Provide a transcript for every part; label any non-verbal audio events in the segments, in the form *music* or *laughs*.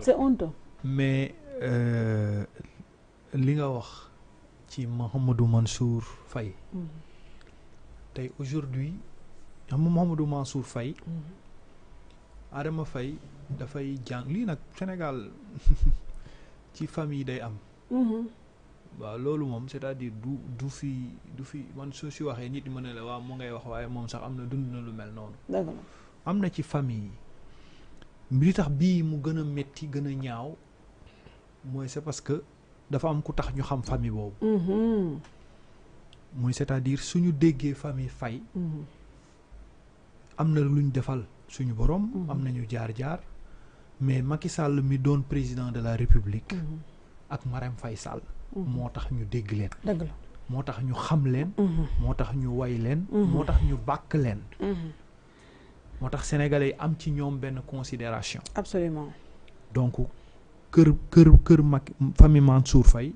c'est honteux. mais tu euh, as wax Mansour Faye. Mm-hmm. aujourd'hui Mohamedou Mansour Faye. Mm-hmm. Adama Faye fait Sénégal *laughs* famille des am. Mm-hmm. c'est-à-dire du du du fi na li tax bii mu gën a metti gën a ñaaw mooy c'est parce que dafa am ku tax ñu xam famille boobu. Mm-hmm. mooy c'est-à-dire suñu déggee famille fay. Mm-hmm. am na luñ defal suñu borom. Mm-hmm. am nañu jaar jaar mais Macky sàll mi doon président de la République. ak Marème fay Sall. moo tax ñu dégg leen. moo tax ñu xam leen. moo tax ñu way leen. moo tax ñu bàkk leen. motax sénégalais am ci ñom ben considération absolument donc keur keur keur Macky famille Mansour fay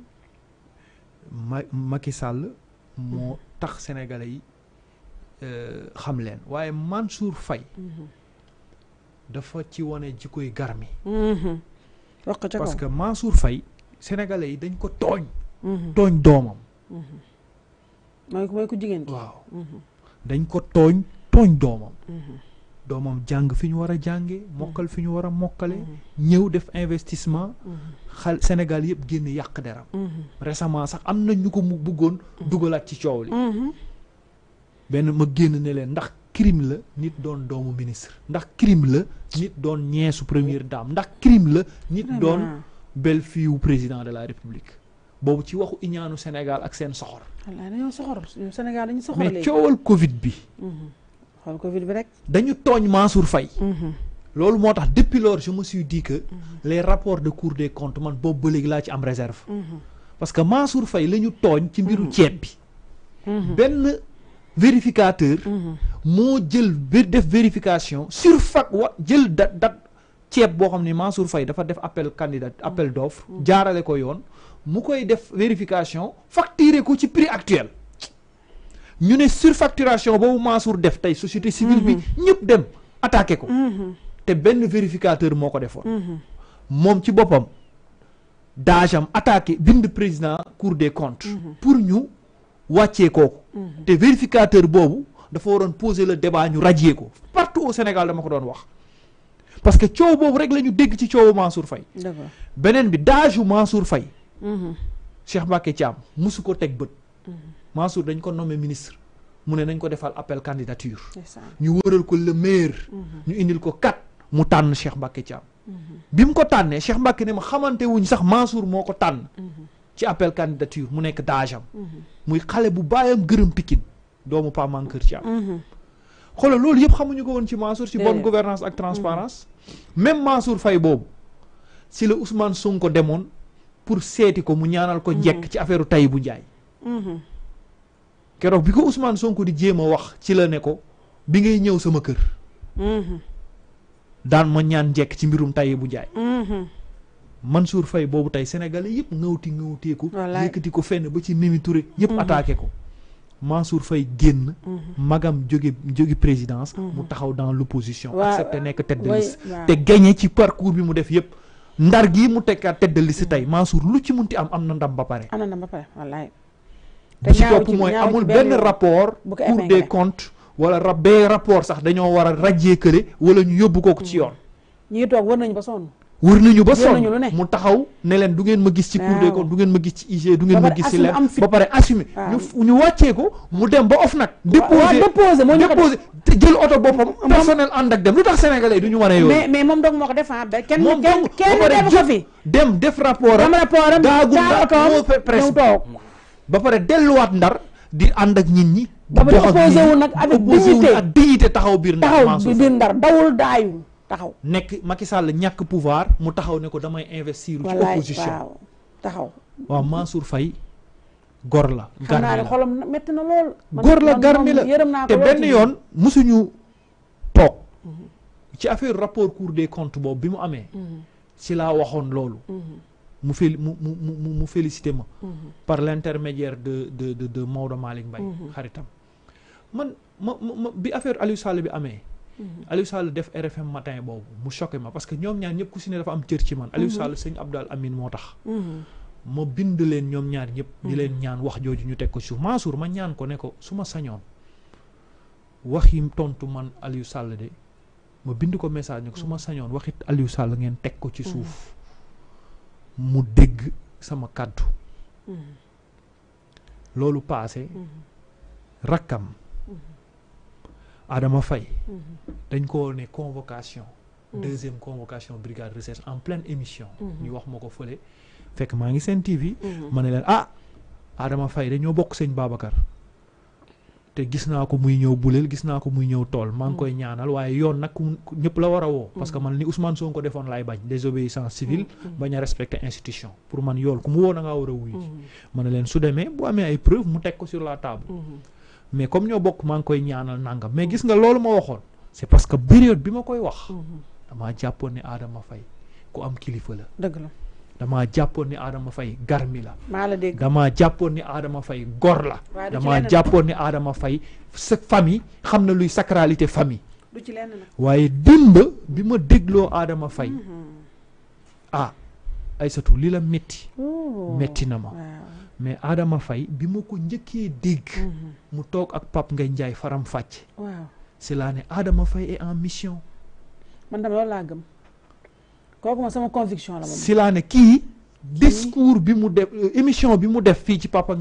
ma Macky Sall moo tax sénégalais yi euh, xam leen waye Mansour fay mhm. dafa ci woné jikoy garmi mhm. parce que Mansour fay sénégalais yi dañ ko togn mhm. tooñ tooñ doomam may ko jigéen waaw dañ ko togn togn domam doomam doomam jàng fi ñu war a jànge mm-hmm. mokkal fi ñu war a mokkale mm-hmm. ñëw def investissement mm-hmm. xal Sénégal yëpp génn yàq deram récemment sax am na ñu ko mu bëggoon dugalaat ci coow li benn ma génn ne leen ndax kirim la nit doon doomu ministre ndax crime la nit doon ñeesu première daam ndax crime la nit doon belle fille président de la république boobu ci waxu iñaanu Sénégal ak seen soxor soxor mais coowal Covid bi xool Covid bi rek. dañu tooñ Mansour fay mhm. loolu moo tax depuis lors je me suis dit que. Mhm. les rapports de Cour des comptes man boobu ba léegi laa ci am réserve. Mhm. parce que Mansour fay la ñu tooñ. ci mbiru ceeb bi. benn vérificateur. moo jël def vérification sur fac wa jël dat dat ceeb boo xam ne Mansour fay dafa def appel candidat appel d'offre jaarale ko yoon mu koy def vérification facturer ko ci prix actuel ñu ne surfacturation boobu Mansour def tey société civile bi mhm. ñëpp dem attaqué ko mhm. te benn vérificateur moo ko defoon mhm. moom ci boppam Dajam attaqué bind président cour des comptes pour ñu wàccee kooku te vérificateur boobu dafa waroon poser le débat ñu radier ko partout au Sénégal dama ko doon wax parce que coow boobu rek la ñu dégg ci coowu Mansour Faye beneen bi daaju Mansour Faye Cheikh Mbacké Thiam mosu ko teg bët Mansour dañ ko nommé ministre mu ne nañ ko defal appel candidature ñu wëral ko le maire mm-hmm. ñu indil ko kat mu tànn Cheikh Mbacké Thiam mm-hmm. bi mu ko tànnee Cheikh Mbacké ne ma xamante wuñ sax Mansour moo ko tànn mm-hmm. ci appel candidature mu nekk daajam muy xale bu baayam gërëm Pikine doomu Pa Mankeur Thiam xoolal loolu yëpp xamuñu ko woon ci Mansour ci bonne gouvernance ak transparence même Mansour Faye boobu si la Ousmane ko demoon pour seeti ko mu ñaanal ko njekk ci affaire u Tahibou Ndiaye keroog bi ko Ousmane Sonko di jéem a wax ci la ne ko bi ngay ñëw sama kër. Mm-hmm. daan ma ñaan njekk ci mbirum tay bu jaay. Mansour fay boobu tey sénégalais yëpp ngawti ngawteeku. ko yëkkati ko fenn ba ci Mimi Touré. yëpp mm-hmm. attaqué ko. Mansour fay génn. Mm-hmm. magam jóge jóge présidence. mu taxaw dans l'opposition. accepté nekk tête de liste. te gagné ci parcours bi mu def yëpp. ndar gii mu tekkaat tête de liste tey Mansour lu ci munti am am na ndam ba pare. am na ndam ba pare wallaay. bu ci topp mooy amul benn rapport Cour des comptes wala rab bee rapport sax dañoo war raj rajjee kële wala ñu yóbbu kooku ci yoon war hmm. toog wër nañu ba sonn wër nañu ba sonn mu taxaw ne leen du ngeen ma gis ci Cour des comptes du ngeen ma gis ci IG du ngeen ma gis ci leen ba pare assumé ñu ñu wàccee mu dem ba of nag déposé déposé te jël oto boppam personnel ànd ak dem lu tax sénégalais du ñu wane yooyu mais mais moom dong moo ko def ah kenn kenn kenn dem def rapport ak daagul daa oto presse ba pare delluwaat ndar di ànd ak nit ñi. dafa opposé nag avec dignité ak dignité taxaw biir ndar taxaw biir ndar dawul daayul taxaw. nekk Macky Sall ñàkk pouvoir mu taxaw ne ko damay investir. ci opposition taxaw. waaw Mansour Faye gor la. garmi la xolam métti na lool. gor la garmi la te benn yoon musuñu toog. Mhm. ci affaire rapport cour des comptes boobu bi mu amee. Mhm. ci laa waxoon loolu. Mhm. mu féli mu ma. Mhm. par l'intermédiaire de de de de Maodo Malik Mbaye. Mhm. xaritam man ma ma bi affaire Aliou Sall bi amé mhm. Aliou Sall def RFM matin bobu mu choqué ma parce que ñom ñaar ñëpp ku ci ne dafa am cër ci man. Aliou Sall sëñ Abdal Amin motax ma bind leen ñom ñaar ñëpp. di leen ñaan wax jooju ñu tek ko suuf Mansour ma ñaan ko ne ko su ma tontu man Aliou Sall de ma bind ko message ne ko suma ma waxit Aliou Sall ngeen tek ko ci suuf mu dégg sama kàddu mm-hmm. loolu paase mm-hmm. rakkam mm-hmm. Adama Faye dañ convocation deuxième convocation brigade recherche en pleine émission ñu wax ma ko fële fekk maa ngi seen TV ma ne leen ah Adama Faye dañoo bokk sëñ Babacar te gis naa ko muy ñëw buleel gis naa ko muy ñëw tool maa ngi mm. koy ñaanal waaye yoon nag ñëpp la war a woo parce que mm. man ni Ousmane Sonko ko defoon laay bañ désobéissance civile mm. bañ a respecter institution pour man yool ku mu woo da ngaa war a wuyu ma leen su demee bu amee ay preuve mu teg ko sur la table mais comme ñoo bokk maa ngi koy ñaanal nangam mais gis nga loolu ma waxoon c'est parce que période bi ma koy wax damaa jàppoon ne Adama fay ku am kilifa la dëgg la damaa jàppoon ni Adama fay garmi la. maa damaa jàppoon ni Adama fay gor la. damaa jàppoon ni aadama fay sa famille xam na luy sacralité famille. du ci lenn waaye démb bi ma dégloo aadama fay mhm. ah Aysatu li la métti. Oh. métti na ma. mais Adama Faye bi ma ko njëkkee dégg. Mhm. mu toog ak Pape ngay njaay faram fàcce. waaw c'est là ne Adama Faye est en mission. C'est conviction discours bi mu euh, émission Papa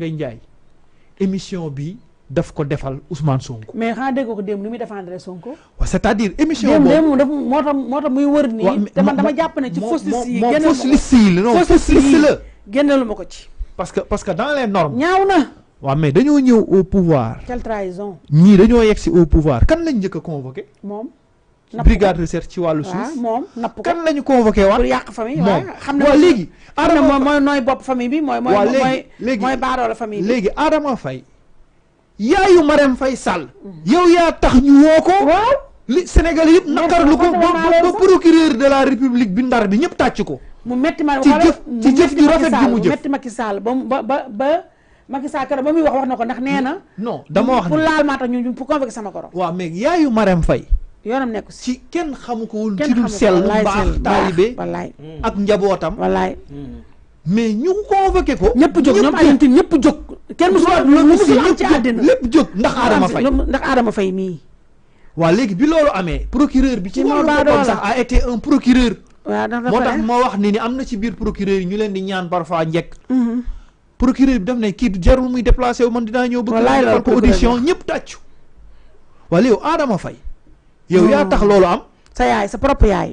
émission bi daf ko defal Ousmane Sonko. mais quand dégg ko démb défendre Sonko. c'est-à-dire émission boobu démb démb moo muy dama ci fausse parce que dans les normes. mais au pouvoir. quelle trahison. ñii dañoo au pouvoir kan lañ njëkk a convoqué. brigade recherche ci wàllu suuf. moom napp ko kan la ñu convoqué waat. yàq famille waaw xam na. waaw léegi Adama mooy nooy bopp bi mooy. mooy mooy mooy baaroola famille bi. léegi Adama Faye yaayu Marème fay Sall. yow yaa tax ñu woo ko. waaw li Sénégal yëpp nakarlu ko ba ba procureur de bi ndar bi ñëpp tàcc ko. mu metti ma ci ci jëf ju rafet bi ba ba ba. Macky Sall keroog muy wax wax na ko ndax nee na. non dama wax ne pour laal maa tax ñu pour convoquer sama koro. waaw mais yaayu yoonam nekk si kenn xamu ko wul ci dul sell baax taalibe wallaay ak njabootam wallaay mais ñu convoqué ko ñëpp jóg ñoom Alioune Tine ñëpp jóg kenn musul am loolu musul am ci àddina lépp jóg ndax Adama Faye ndax Adama Faye mii waaw léegi bi loolu amee procureur bi ci wàllu boppam sax a été un procureur waaw moo wax ni ni ci biir procureur ñu leen di ñaan parfois njekk mhm. procureur bi daf ne kii jarul muy déplacé man dinaa ñëw bëgg ko audition ñëpp tàccu wala yow Adama Faye yow hmm. yaa tax loolu am. sa yaay sa propre yaay.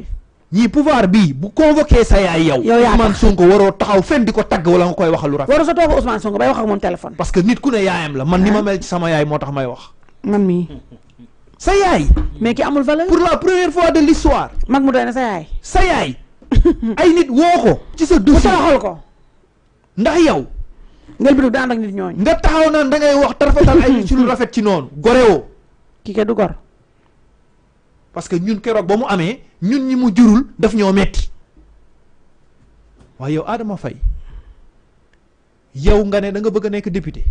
ñii pouvoir bii bu convoqué sa yaay yow. yow yaa Ousmane Sonko waroo taxaw fenn di ko tagg wala nga koy waxal lu rafet. waroo sa toog Ousmane Sonko bay wax ak moom téléphone. parce que nit ku ne yaayam la man ni ma ah. mel ci sama yaay moo tax may wax. man mii. sa yaay. mais ki amul valeur. pour première fois de l'histoire mag mu doy na sa yaay. sa yaay. *laughs* ay nit woo ko. ci sa dossier mu ko. ndax yow. ngel bi du daan ak nit ñooñu. nga taxaw naan da ngay wax tarafetal ay nit ci lu rafet ci noonu. go kii kay du parce que ñun kérok ba mu amé ñun ñi mu jurul daf ñoo metti waaye yow Adama fay yow nga ne da nga bëgg a nekk député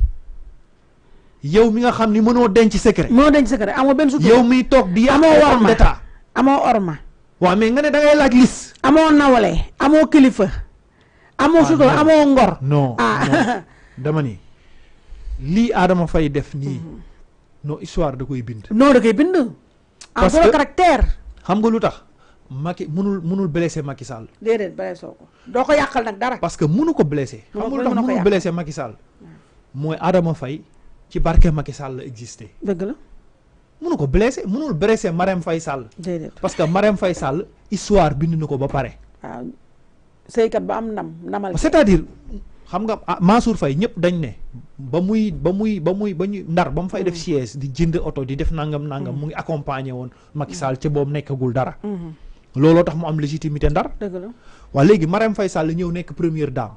yow mi nga xam ni mënoo denc secret. mënoo denc secret amoo benn sutura yow miy toog di. amoo orma d'état amoo orma. waaw mais nga ne da ngay laaj lis. amoo nawale amoo kilifa. amoo ah, sutura amoo ngor. non ah. non dama ni lii Adama fay def nii. Mm-hmm. non histoire da koy bind. non da koy bind. Ah, parce que en caractère. xam nga lu tax Macky mënul mënul blessé Macky Sall. déedéet blessé ko doo ko yàqal nag dara. parce que mënu ko blessé. xam nga lu tax mënul blessé Macky Sall. mooy Adama Faye ci barke Macky Sall la existé. ko blessé mënul blessé Marème fay Sall. déedéet parce que Marème fay Sall histoire bind na ko ba pare. waaw ah, sëykat ba am ndam ndamal. c'est-à-dire. xam nga ah, Mansour fay ñëpp dañ ne ba muy ba muy ba muy ba ñu ndar ba mu fay def mm. siège di jënd oto di def nangam nangam mm. mu ngi accompagner woon Macky mm. Sall ca boobu nekkagul dara mm-hmm. looloo tax mu am légitimité ndar waa léegi Marème Faye Sall ñëw nekk première daam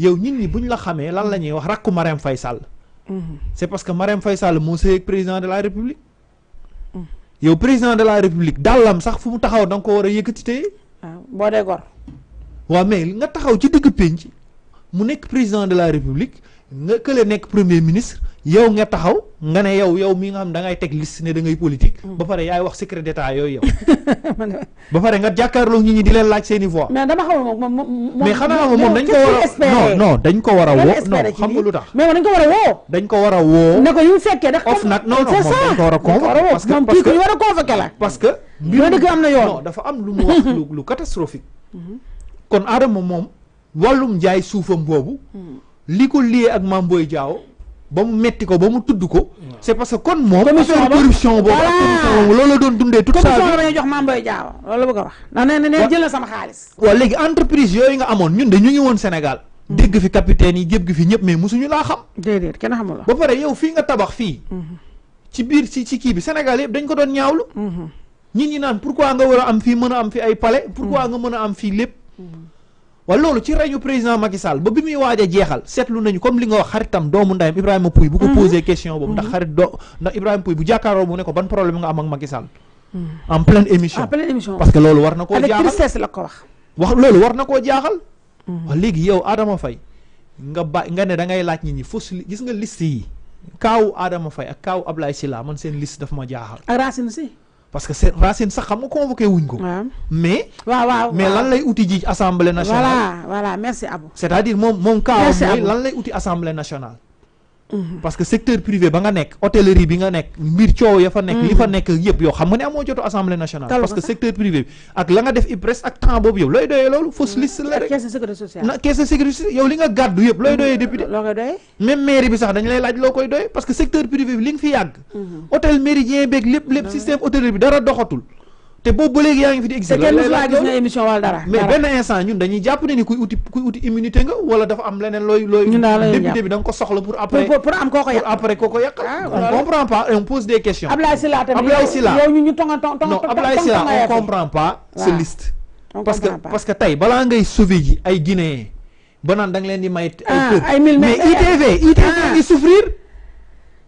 yow ñit ñi bu ñu la xamee lan la ñuy wax rakku Marème fay Sall mm-hmm. c'est parce que Marème Faye Sall moo sëyeeg président de la République yow président de la République dàllam sax fu mu taxaw da nga ko war a yëkkati tey waaw ah, boo dee gor waaw mais nga taxaw ci digg mu nekk président de la république nga kële nekk premier ministre yow nga taxaw nga ne yow yow mi nga xam da ngay teg liste ne da ngay politique. ba pare yaay wax secret d'état yooyu yow. *laughs* ba pare nga jàkkaarloo nit ñi di leen laaj seen i voix. mais dama xamul ko war a non non dañ ko war a woo. non xam nga lu tax mais dañ ko war a woo. dañ ko war a woo. ne ko yu fekkee ndax. nag non non dañ ko war a convoqué parce que moom kii ñu war a convoqué la. parce que. loolu dëgg am na yoon non dafa am lu mu wax lu lu walum jaay soufam bobu liko lié ak mamboy diaw ba mu metti ko ba mu tuddu ko c'est parce que kon moom affaire corruption bobu ak corruption boobu la doon dundee tout ça bi dañu jox mamboy diaw Diao bëgg wax na né né jël sama xaalis wa légui entreprise yoy nga amone ñun de ñu ngi Sénégal hmm. dégg fi capitaine yi jëb fi ñëpp mais musuñu la xam déedéet kenn xamul ba paré yow fi nga tabax fi hmm. ci bir ci ci ki bi Sénégal yépp dañ ko doon ñaawlu ñit hmm. ñi naan pourquoi nga wara am fi mëna am fi ay palais pourquoi nga mëna am fi lépp waaye loolu ci reñu président Macky Sall ba bi muy waaj a jeexal seetlu nañu comme li nga wax xaritam doomu ndayam Ibrahima Pouy bu ko mhm. posé question boobu ndax mhm. xarit doo ndax Ibrahima Pouy bu jàkkaaroo mu ne ko ban problème nga am ak Macky mhm. parce que loolu war na koo jaaxal avec tristesse la ko wax wax loolu na koo jaaxal léegi yow Adama fay nga ba nga ne da ngay laaj nit ñi fausse gis nga liste yi kaawu Adama fay ak kaawu Ablaye Sylla man seen liste dafa ma jaaxal ak Racine si parce que c'est Racine ça xam nga convoqué wuñ ko. mais. mais lan lay uti ji assemblée nationale. voilà voilà merci Abou. c'est-à-dire mon mon cas mooy lan lay uti assemblée nationale. Mm-hmm. parce que secteur privé ba nga nekk hôtellerie bi nga nekk mbir coow ya fa nekk li fa mm-hmm. nekk yëpp yow xam ne amoo jotu assemblée nationale parce que secteur privé bi ak la nga def IPRES ak temps boobu yow looy doyee loolu fausse liste la de sécurité sociale na yow li nga gàddu yëpp looy mm-hmm. doyee député même mairie bi sax dañ lay laaj loo koy doyee parce que secteur privé bi li nga fi yàgg hôtel méridien beeg lépp lépp système hôtellerie bi dara doxatul te boobu ba léegi fi di exil kenn su gis na émission wala dara mais ben instant ñun dañuy japp ne ni kuy outil kuy uti immunité nga wala dafa am leneen loy loy député bi da ko soxla pour après pour am koko yak après koko yak ah, on comprend pas et on pose des questions Ablaye Sylla tamit Ablaye Sylla yow ñu ñu tonga tonga non Ablaye Sylla on comprend pas ce liste parce que parce que tay bala ngay sauver ji ay guinéen ba naan da leen di may ay ah, mais ITV ITV ah. di souffrir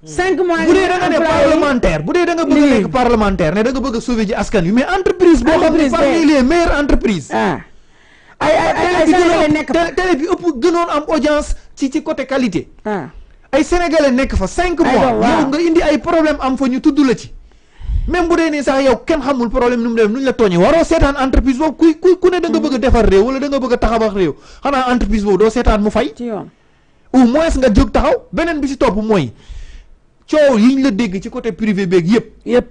cinq mois bu dee da nga parlementaire bu dee danga nga bëgg nekk parlementaire ne danga bëgg a sauver ji askan wi mais entreprise boo xam ne parmi les meilleures entreprises ah. ay ay bi ëpp gënoon am audience ci ci côté qualité ah. ay sénégalais nekk fa cinq mois yow nga indi ay problème am fa ñu tudd la ci même bu dee nii sax yow kenn xamul problème nu mu def nu ñu la tooñee waroo seetaan entreprise boobu kuy ku ku ne da nga bëgg a hmm. defar réew wala da nga seetaan mu fay au moins nga jóg taxaw beneen bi si topp mooy coow yiñ la dégg ci côté privé beeg yëpp yëpp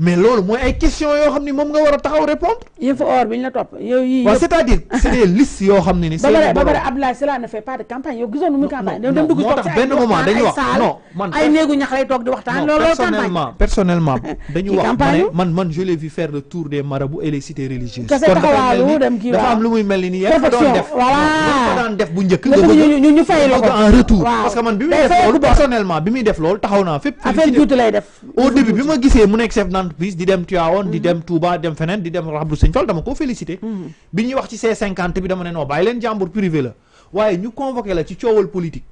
mais loolu moy ay question yo xamni mom nga wara taxaw répondre yëfu or bi la top yow yi waaw c'est-à-dire *laughs* c'est des listes yo xamni ni c'est pare ba pare Abdoulaye cela ne fait pas de campagne yow gisoon mu campagne dem dugg moo tax benn moment dañu wax non man ay négu ñax lay tok di waxtaan loolu personnellement personnellement *laughs* dañu wax man man je l'ai vu faire le tour des marabouts et les cités religieuses kese taxawaalu dem ki dafa am lu muy melni ni yaa doon def voilà ko daan def bu njëkk ñu ñu fay la en retour parce que man bi muy def loolu personnellement bi muy def loolu taxaw naa fep affaire juuti lay def au début bi ma gisee mu nek chef entreprise di dem Tivaouane di mhm. dem Touba dem feneen di dem Rabdou Sëñ Fall dama ko félicité mhm. bi ñuy wax ci C50 bi dama ne noo bàyyi leen jàmbur privé la waaye ñu convoqué la ci coowal politique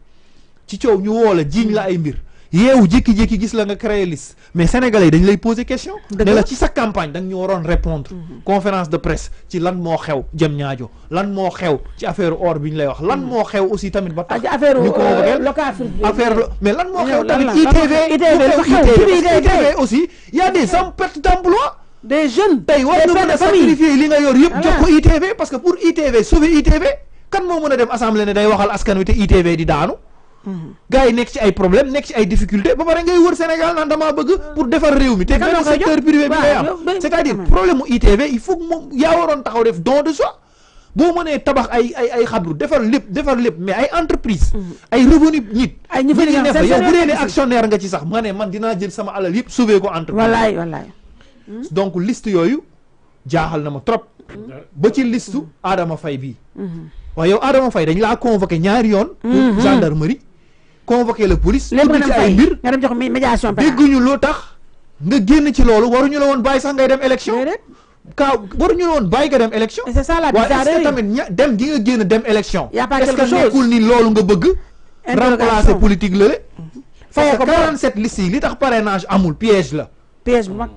ci coow ñu woo la jiiñ la ay mbir yeewu jékki-jékki gis la nga créé liste mais sénégalais yi dañu lay poser question ne la ci sa campagne da nga ñu waroon répondre mhm. conférence de presse ci lan moo xew jëm ñaajo lan moo xew ci affaire or bi ñu lay wax lan mhm. moo xew aussi tamit ba tax ah, ñu euh, affaire mais lan moo xew tamit ITV ITV aussi il y a des pertes d'emploi des jeunes tey war nga mën a sacrifier li nga yor yëpp ah, jox ko ITV parce que pour ITV sauver ITV kan moo mën a dem assemblée ne day waxal askan wi te ITV di daanu gars yi nekk ci ay problème nekk ci ay difficulté ba pare ngay wër Sénégal naan damaa bëgg pour defar réew mi te benn secteur privé bi ngay am c'est-à-dire problème mu ITV il faut moom yaa waroon taxaw def don de soi boo mënee tabax ay ay ay xabru defar lépp defar lépp mais ay entreprise mm-hmm. ay revenu nit ñi ne fa yow bu dee ne actionnaire nga ci sax ma ne man dinaa jël sama alal yëpp sauver ko entreprise wallaay wallaay mm-hmm. donc list yooyu jaaxal na ma trop mm-hmm. ba ci listu Adama Faye bii waaye yow Adama Faye dañ laa convoqué ñaari yoon gendarmerie convoqué la police. tudd ci ay mbir nga dem jox médiation. dégguñu lu tax nga génn ci loolu waruñu la woon bàyyi sax ngay dem élection. kaa waruñu la woon bàyyi nga dem élection. c'est ça tamit ña dem gi nga génn dem élection. y' a pas quelque chose est-ce que nekkul loolu nga bëgg. remplacer politique la le. fayoo ko parce que 47 listes yi li tax parrainage amul piège la. piège bu mag.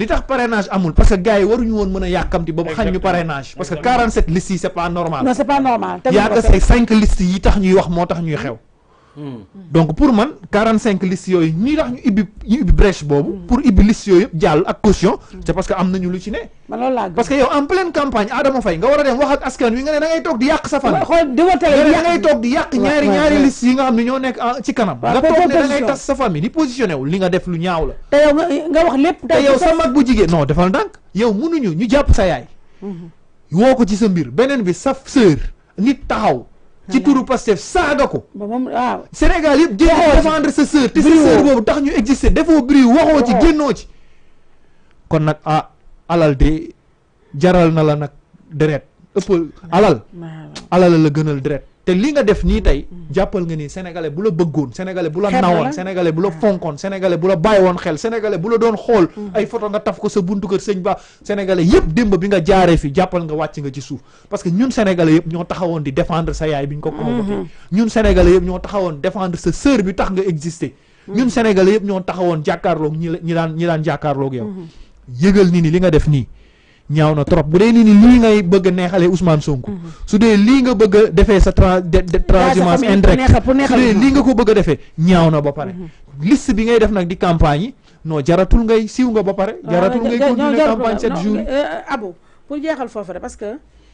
li tax parrainage amul parce que gars waruñu woon mën a yàkkamti ba mu ñu parrainage parce que 47 tax ñuy xew. donc pour man 45 listes yooyu ñi tax ñu ibbi ñu boobu. Mm. pour ibbi liste yooyu yëpp jàll ak caution. c'est parce que am nañu lu ci ne. man loolu laa parce que yow en pleine campagne Adama Faye nga war a dem wax ak askan wi nga ne da toog di yàq sa fan. di woteel ne ñoo nekk ci kanam. nga toog ne wu li nga def lu ñaaw la. te yow nga wax lépp. te yow sa mag bu jigéen non defal ndànk yow mënuñu ñu jàpp sa yaay. Mm-hmm. woo ko ci sa mbir beneen bi sa sœur nit taxaw ci turu Pastef saaga ko. Sénégal yëpp jéem défendre sa sœur. te sa sœur boobu tax ñu exister defoo bruit waxoo ci oh. génnoo ci. kon nag ah alal de jaral na la nag deret ëpp alal. alal la gënal deret. te li nga def nii tey mm. jàppal nga ni sénégalais bu la bëggoon sénégalais bu la nawoon sénégalais bu la ah. fonkoon sénégalais bu la bàyyi woon xel sénégalais bu la doon xool mm. ay photo nga taf ko sa buntu kër sëñ ba sénégalais yëpp démb bi nga jaaree fii jàppal nga wàcc nga ci suuf parce que ñun sénégalais yëpp ñoo taxawoon di défendre sa yaay bi ñu ko mm-hmm. convoqué ñun sénégalais yëpp ñoo taxawoon défendre sa sœur bi tax nga existé mm-hmm. ñun sénégalais yëpp ñoo taxawoon jàkkaarloog ñi ñi daan ñi daan jàkkaarloog yow mm-hmm. yëgal ni ni li nga def nii ñaaw na trop bu dee ni ni lii ngay bëgg a neexalee Ousmane Sonko. Mhm. su dee lii nga bëgg a defee sa trans transhumance indirecte su dee lii nga ko bëgg defee ñaaw na ba pare. Mhm. liste bi ngay def nag di campagne noo jaratul ngay siw nga ba pare. Ah, jaratul ngay continuer campagne 7 jours yi. Euh, Abou pour jeexal foofu rek parce que.